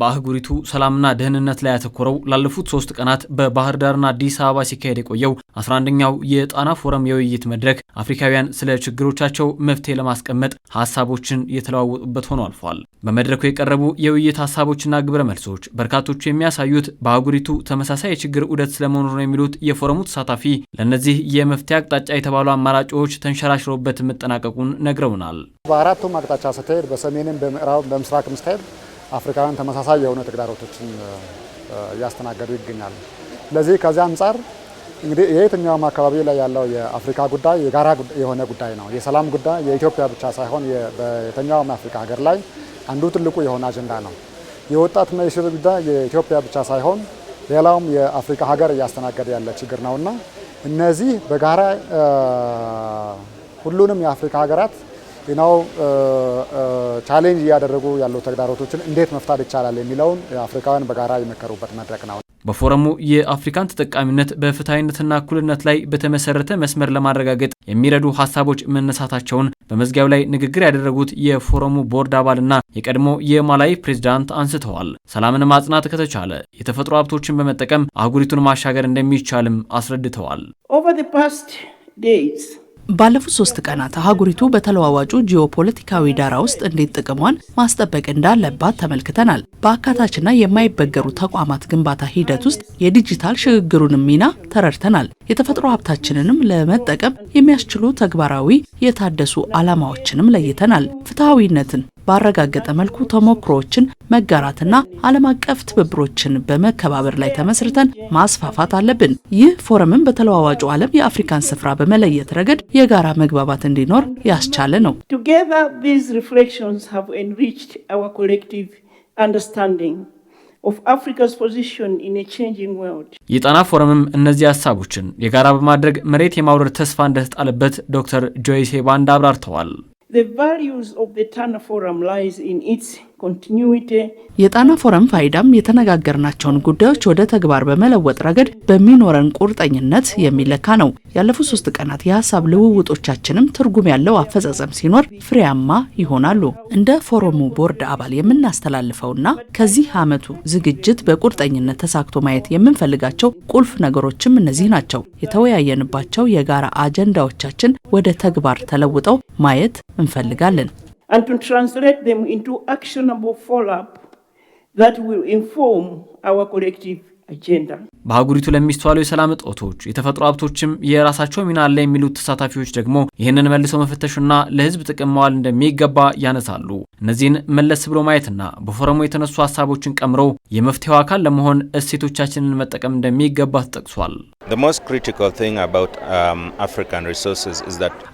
በአህጉሪቱ ሰላምና ደህንነት ላይ ያተኮረው ላለፉት ሶስት ቀናት በባህር ዳርና አዲስ አበባ ሲካሄድ የቆየው 11ኛው የጣና ፎረም የውይይት መድረክ አፍሪካውያን ስለ ችግሮቻቸው መፍትሄ ለማስቀመጥ ሀሳቦችን የተለዋወጡበት ሆኖ አልፏል። በመድረኩ የቀረቡ የውይይት ሀሳቦችና ግብረ መልሶች በርካቶቹ የሚያሳዩት በአህጉሪቱ ተመሳሳይ የችግር ዑደት ስለመኖሩ ነው የሚሉት የፎረሙ ተሳታፊ ለእነዚህ የመፍትሄ አቅጣጫ የተባሉ አማራጮች ተንሸራሽረውበት መጠናቀቁን ነግረውናል። በአራቱም አቅጣጫ ስትሄድ በሰሜንም፣ በምዕራብ፣ በምስራቅ አፍሪካውያን ተመሳሳይ የሆነ ተግዳሮቶችን እያስተናገዱ ይገኛሉ። ስለዚህ ከዚህ አንጻር እንግዲህ የየትኛውም አካባቢ ላይ ያለው የአፍሪካ ጉዳይ የጋራ የሆነ ጉዳይ ነው። የሰላም ጉዳይ የኢትዮጵያ ብቻ ሳይሆን በየትኛውም አፍሪካ ሀገር ላይ አንዱ ትልቁ የሆነ አጀንዳ ነው። የወጣትና የሴት ጉዳይ የኢትዮጵያ ብቻ ሳይሆን ሌላውም የአፍሪካ ሀገር እያስተናገደ ያለ ችግር ነውና እነዚህ በጋራ ሁሉንም የአፍሪካ ሀገራት ነው ቻሌንጅ እያደረጉ ያለው ተግዳሮቶችን እንዴት መፍታት ይቻላል የሚለውን አፍሪካውያን በጋራ የመከሩበት መድረክ ነው። በፎረሙ የአፍሪካን ተጠቃሚነት በፍትሐዊነትና እኩልነት ላይ በተመሰረተ መስመር ለማረጋገጥ የሚረዱ ሀሳቦች መነሳታቸውን በመዝጊያው ላይ ንግግር ያደረጉት የፎረሙ ቦርድ አባልና የቀድሞ የማላዊ ፕሬዚዳንት አንስተዋል። ሰላምን ማጽናት ከተቻለ የተፈጥሮ ሀብቶችን በመጠቀም አህጉሪቱን ማሻገር እንደሚቻልም አስረድተዋል። ባለፉት ሶስት ቀናት ሀጉሪቱ በተለዋዋጩ ጂኦፖለቲካዊ ዳራ ውስጥ እንዴት ጥቅሟን ማስጠበቅ እንዳለባት ተመልክተናል። በአካታችና የማይበገሩ ተቋማት ግንባታ ሂደት ውስጥ የዲጂታል ሽግግሩንም ሚና ተረድተናል። የተፈጥሮ ሀብታችንንም ለመጠቀም የሚያስችሉ ተግባራዊ የታደሱ ዓላማዎችንም ለይተናል። ፍትሐዊነትን ባረጋገጠ መልኩ ተሞክሮዎችን መጋራትና ዓለም አቀፍ ትብብሮችን በመከባበር ላይ ተመስርተን ማስፋፋት አለብን። ይህ ፎረምን በተለዋዋጩ ዓለም የአፍሪካን ስፍራ በመለየት ረገድ የጋራ መግባባት እንዲኖር ያስቻለ ነው። የጣና ፎረምም እነዚህ ሀሳቦችን የጋራ በማድረግ መሬት የማውረድ ተስፋ እንደተጣለበት ዶክተር ጆይሴ ባንዳ አብራርተዋል። The values of the Tana Forum lies in its የጣና ፎረም ፋይዳም የተነጋገርናቸውን ጉዳዮች ወደ ተግባር በመለወጥ ረገድ በሚኖረን ቁርጠኝነት የሚለካ ነው። ያለፉት ሶስት ቀናት የሀሳብ ልውውጦቻችንም ትርጉም ያለው አፈጻጸም ሲኖር ፍሬያማ ይሆናሉ። እንደ ፎረሙ ቦርድ አባል የምናስተላልፈውና ከዚህ ዓመቱ ዝግጅት በቁርጠኝነት ተሳክቶ ማየት የምንፈልጋቸው ቁልፍ ነገሮችም እነዚህ ናቸው። የተወያየንባቸው የጋራ አጀንዳዎቻችን ወደ ተግባር ተለውጠው ማየት እንፈልጋለን። and to translate them into actionable follow-up that will inform our collective አጀንዳ በአህጉሪቱ ለሚስተዋሉ የሰላም እጦቶች የተፈጥሮ ሀብቶችም የራሳቸው ሚና አለ የሚሉት ተሳታፊዎች ደግሞ ይህንን መልሰው መፈተሽና ለህዝብ ጥቅም መዋል እንደሚገባ ያነሳሉ። እነዚህን መለስ ብሎ ማየትና በፎረሙ የተነሱ ሀሳቦችን ቀምሮ የመፍትሄው አካል ለመሆን እሴቶቻችንን መጠቀም እንደሚገባ ተጠቅሷል። Um,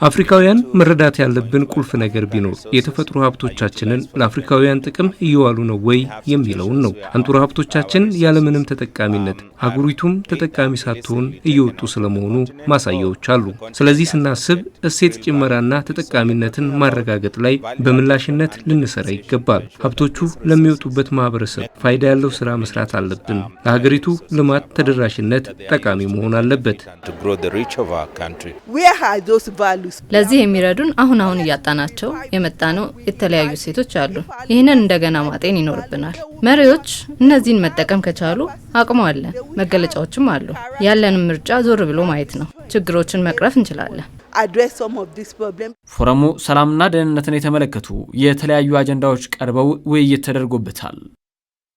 አፍሪካውያን መረዳት ያለብን ቁልፍ ነገር ቢኖር የተፈጥሮ ሀብቶቻችንን ለአፍሪካውያን ጥቅም እየዋሉ ነው ወይ የሚለውን ነው። አንጡራ ሀብቶቻችን ያለምንም ተጠቃሚነት አህጉሪቱም ተጠቃሚ ሳትሆን እየወጡ ስለመሆኑ ማሳያዎች አሉ። ስለዚህ ስናስብ እሴት ጭመራና ተጠቃሚነትን ማረጋገጥ ላይ በምላሽነት ልንሰራ ይገባል። ሀብቶቹ ለሚወጡበት ማህበረሰብ ፋይዳ ያለው ስራ መስራት አለብን። ለሀገሪቱ ልማት ተደራሽነት ጠቃሚ መሆኑ መሆን አለበት። ለዚህ የሚረዱን አሁን አሁን እያጣናቸው ነው የተለያዩ ሴቶች አሉ። ይህንን እንደገና ማጤን ይኖርብናል። መሪዎች እነዚህን መጠቀም ከቻሉ አቅሙ አለን፣ መገለጫዎችም አሉ። ያለንም ምርጫ ዞር ብሎ ማየት ነው። ችግሮችን መቅረፍ እንችላለን። ፎረሙ ሰላምና ደህንነትን የተመለከቱ የተለያዩ አጀንዳዎች ቀርበው ውይይት ተደርጎበታል።